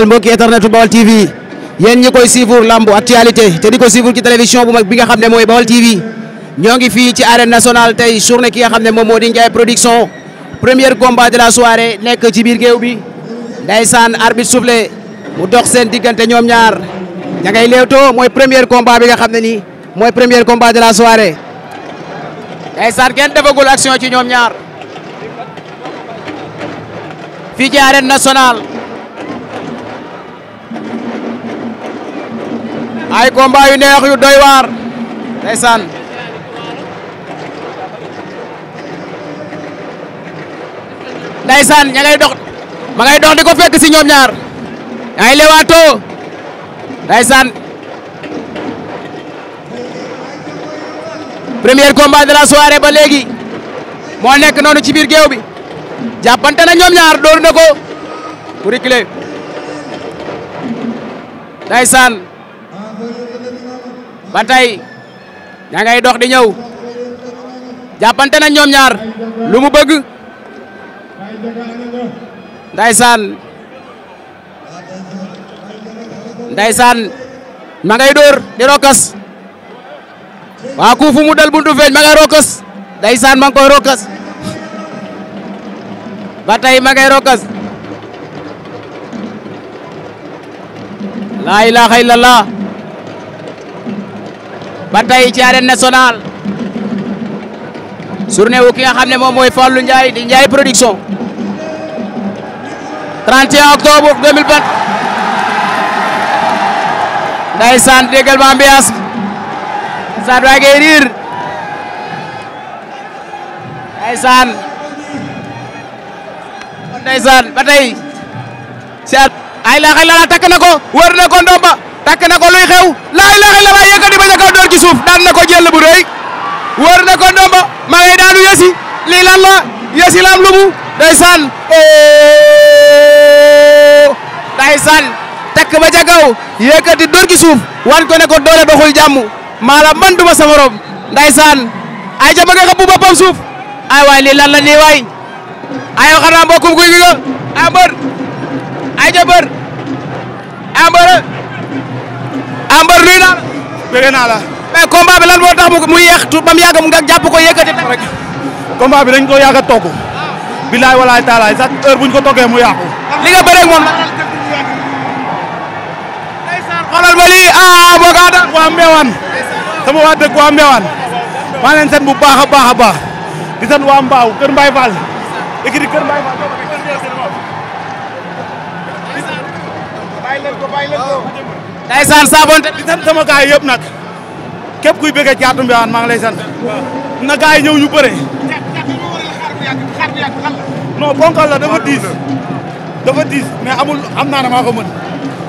xel mbokki internetu Baol TV yéen ñi koy suivre lamb actualité te di ko suivre ci télévision bu mag bi nga xam ne mooy Baol TV ñoo ngi fii ci arène nationale tey journée ki nga xam ne moom moo di Ndiaye production premier combat de la soirée nekk ci biir géew bi ndaysaan arbitre soufflé mu dox seen diggante ñoom ñaar ña ngay leewtoo mooy première combat bi nga xam ne nii mooy premier combat de la soirée ndaysaan kenn defagul action ci ñoom ñaar fii ci arène nationale ay combat yu neex yu doy waar ndeysaan ndeysaan ña ngay dox ma ngay dox di ko fekk si ñoom ñaar ay lewato ndeysaan premier combat de la soirée ba léegi moo nekk noonu ci biir géew bi jàppante na ñoom ñaar dóor na ko pour reculer ndeysaan ba tey ña ngay dox di ñëw jàppante na ñoom ñaar lu mu bëgg ndaysaan ndaysaan ma ngay dóor di rokas waa ku mu dal buntu feeñ ma ngay rokas ndaysaan ma koy rokas ba tey ma ngay rokas laa ilaaha illallah ba tey ci arène nationale journée xam ne moom mooy Fallou Ndiaye di production 31 octobre 2020 ndeysaan déggal ma ambiance ndeysaan waa ngay riir ndeysaan ndeysaan ba tey ci ay ko wër na ko ndomba takk na ko luy xew laa ilaaha illallaah yëkkati ba ca kaw daan na ko jël bu rëy wër na ko ndomba ma ngay daanu yasi lii lan la yasi la am lu mu oh! ndeysaan takk ba ca kaw yëkkati door ci suuf ko ne ko doole doxul jàmm maanaam man duma sa morom ndeysaan ay jama nga xëpp boppam suuf ay waay lii lan la nii waay ay xanaa mbokkum guy gi nga ay mbër ay ja ay mbër ah mbër nuyu naa la. lan moo tax mu yéex tu ba mu yàgg nga jàpp ko yëkkati rek. combat bi dañ ko yàgg a togg. bilaay taalaay sax heure buñ ko toggee mu yàqu. li nga bëree moom la. ma lii ah Bogaata. waa Mbewan sama waa dëkk waa Mbewan maa leen sant bu baax a baax a baax di sant waa Mbaaw Kër Mbaye Fall écrit Kër Mbaye Fall. ndeysaan saabonte di sant sama gaay yëpp nag képp kuy bëggee Thiatou Mbéwane maa ngi lay sant na gaay yi ñu bëre non ponkal la dafa diis dafa diis mais amul am naa ne maa ko mën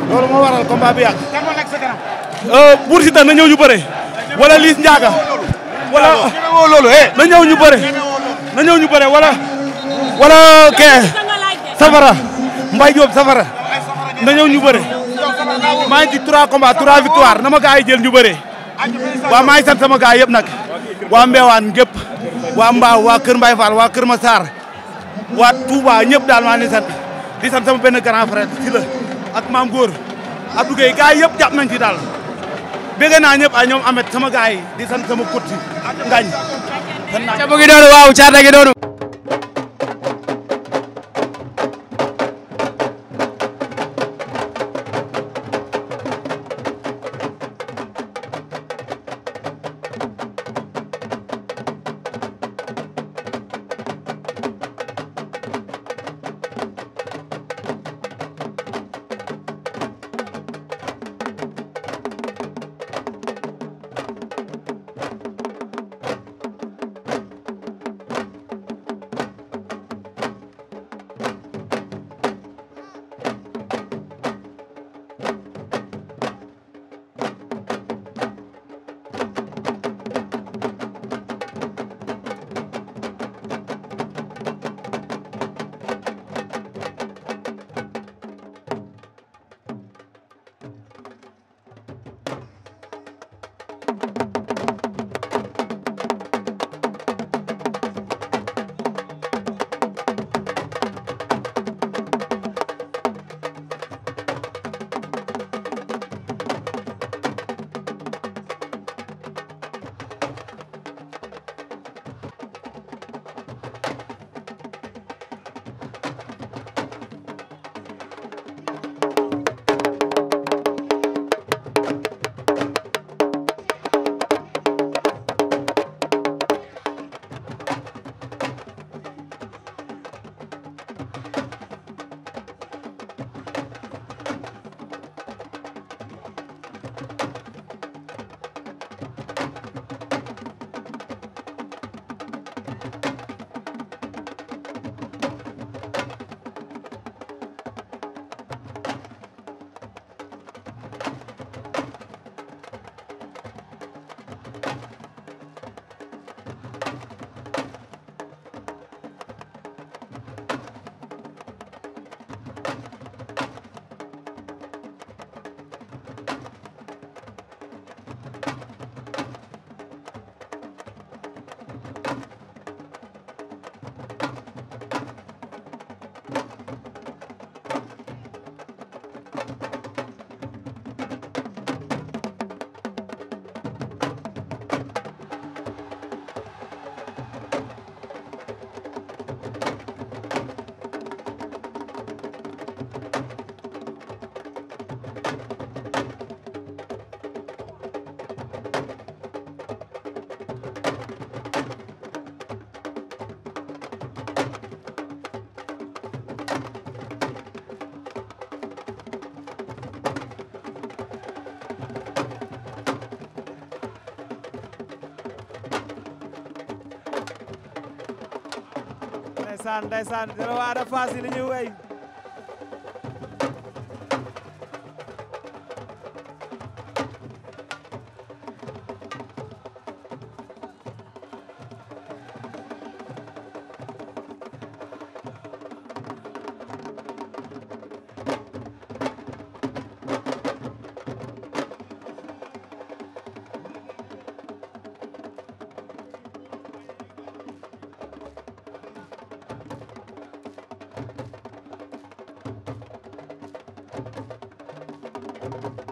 loolu moo waral combat bi yàgg euh, Bour na ñëw ñu bëre wala Liis Ndiaga wala loolu na ñëw ñu bëre na ñëw ñu bëre wala wala kee safara Mbaye Diop safara na ñëw ñu bëre maa ngi ci 3 combats 3 victoire na ma gars yi jël ñu bëree waaw maa ngi sant sama gars yëpp nag waa Mbewaan gépp waa Mbaaw waa Kër Mbaye Fall waa Kër Massar waa Touba ñëpp daal maa ngi di sant sama benn grand frère si la ak maam góor Abdou Gueye gars yëpp jàpp nañ ci daal bëgg naa ñëpp ay ñoom Amet sama gars di sant sama kot si ngañ ca doonu waaw caata doonu ndeysaan ndeysaan dara waa Ada Fass yi li Thank you.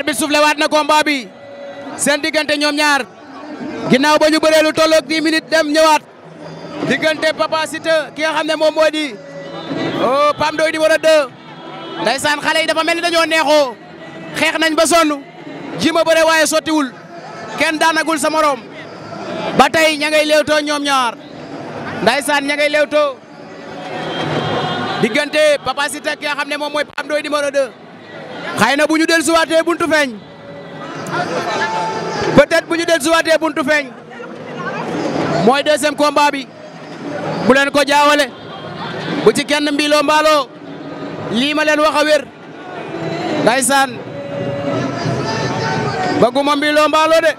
arbitre soufflé waat na combat bi seen diggante ñoom ñaar ginnaaw ba ñu bëree lu tolloog 10 minutes dem ñëwaat diggante Papa Cité ki nga xam ne moom moo di oh Pam Doy numéro 2 ndaysaan xale yi dafa mel ni dañoo neexoo xeex nañ ba sonn ji ma bëre waaye sottiwul kenn daanagul sa moroom ba tey ña ngay léewtoo ñoom ñaar ndaysaan ña ngay léewtoo diggante Papa Cité ki nga xam ne moom mooy Pam Doy numéro 2. xëy na bu ñu del suwaatee buntu feeñ peut-être bu ñu del suwaatee buntu feeñ mooy deuxième combat bi bu len ko jaawale bu ci kenn mbiiloo mbaaloo lii ma leen wax a wér ndaysaan bëgguma mbiiloo mbaaloo de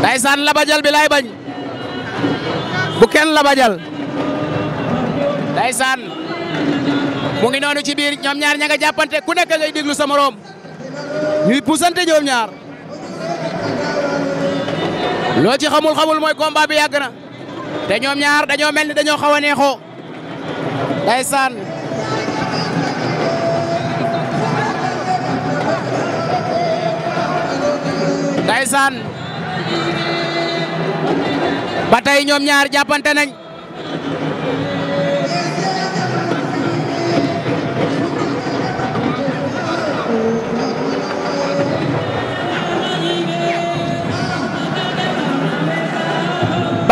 ndaysaan labajal bi bañ bu kenn labajal ndaysaan mu ngi noonu ci biir ñoom ñaar ña nga jàppante ku nekk ngay déglu sa morom ñuy puusante ñoom ñaar loo ci xamul xamul mooy combat bi yàgg na te ñoom ñaar dañoo mel ni dañoo xaw a neexoo ndeysaan ndeysaan ba tey ñoom ñaar jàppante nañ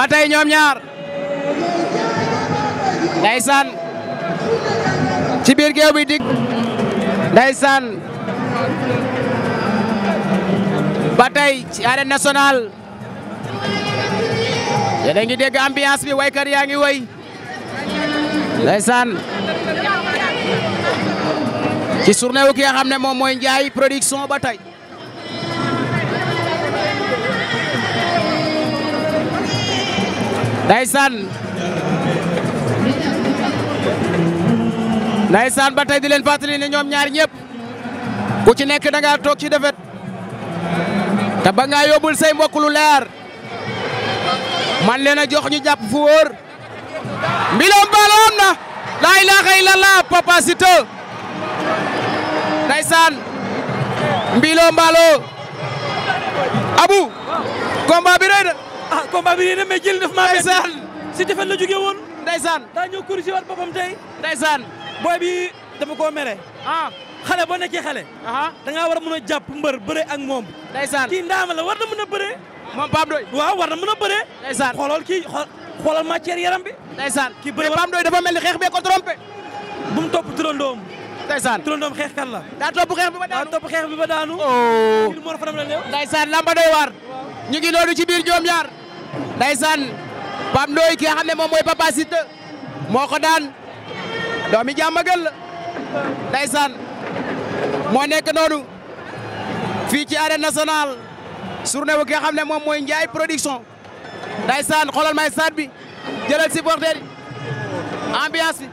ba tey ñoom ñaar ndeysaan ci biir géew bi dik ndeysaan ba tey ci arène nationale yéen a ngi dégg ambiance bi waykat yaa ngi woy ndeysaan ci journée wu ki nga xam ne moom mooy Ndiaye production ba tey ndeysaan ndeysaan ba tey di leen ñoom ñaar ñëpp ku ci nekk da ngaa toog ci defet te ba ngaa yóbbul say mbokk lu leer man leen a jox ñu jàpp fu wóor mbiloom baalo na laa ilaaha illallah Papa Siteu ndeysaan mbiloom baalo abu combat bi na ah combat bi nii de mais jël daf maa bett. ndeysaan la jógee woon. ndeysaan daa ñëw corrigé waat boppam tey. ndeysaan booy bi dama koo mere. ah xale boo nekkee xale. da ngaa war a mën a jàpp ak moom. ndeysaan kii ndaama la war na mën a bëree. moom Pape Ndoye. waaw war na mën a bëree. ndeysaan xoolal kii xool xoolal matière yaram bi. ndeysaan kii bëri Pape Ndoye dafa mel ni xeex bee ko trompé. bu mu topp turandoom. ndeysaan turandoom xeex kan la. daa topp xeex bi ba daanu daa topp xeex bi ba daanu. ooo. Oh. lamba doy waar. ñu ngi noonu ci biir ñoom ñaar ndeysaan Pape Ndoye ki nga xam ne moom mooy Papa moo ko daan doomi jàmmagal la ndeysaan moo nekk noonu fii ci arène nationale journée ki nga xam ne moom mooy Ndiaye production ndeysaan xoolal may stade bi jëlal supporter yi ambiance